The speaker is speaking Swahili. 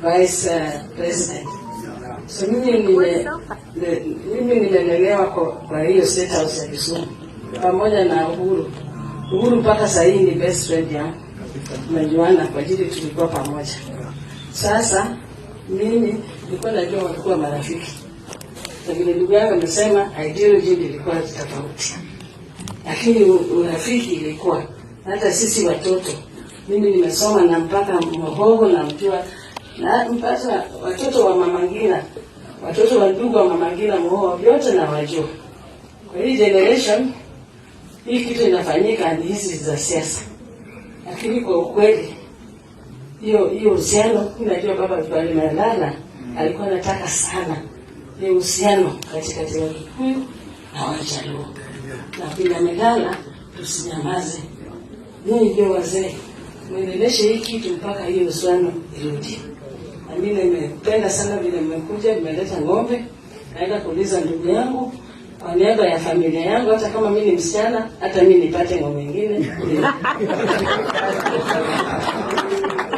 Vice uh, President. So mimi nime mimi nimelelewa kwa hiyo state house ya Kisumu pamoja na Uhuru. Uhuru mpaka sasa hii ni best friend yangu. Tumejuana kwa ajili tulikuwa pamoja. Sasa mimi nilikuwa najua walikuwa marafiki. Lakini ndugu yangu amesema ideology ilikuwa tofauti. Lakini urafiki ilikuwa hata sisi watoto. Mimi nimesoma na mpaka Mhoho na mpiwa na mpata watoto wa Mama Ngina, watoto ndugu wa Mama Ngina mwoa vyote na wajua. Kwa hii generation hii kitu inafanyika ni hizi za siasa, lakini kwa ukweli hiyo hiyo uhusiano, unajua Baba Kibali Malala alikuwa anataka sana ni uhusiano katikati ya Kikuyu na Wajaluo na bila Malala, tusinyamaze. Ninyi ndio wazee, mwendeleshe hii kitu mpaka hiyo uhusiano irudi mi nimependa sana vile mmekuja, nimeleta ng'ombe, naenda kuuliza ndugu yangu kwa niaba ya familia yangu, hata kama mi ni msichana, hata mi nipate ng'ombe ingine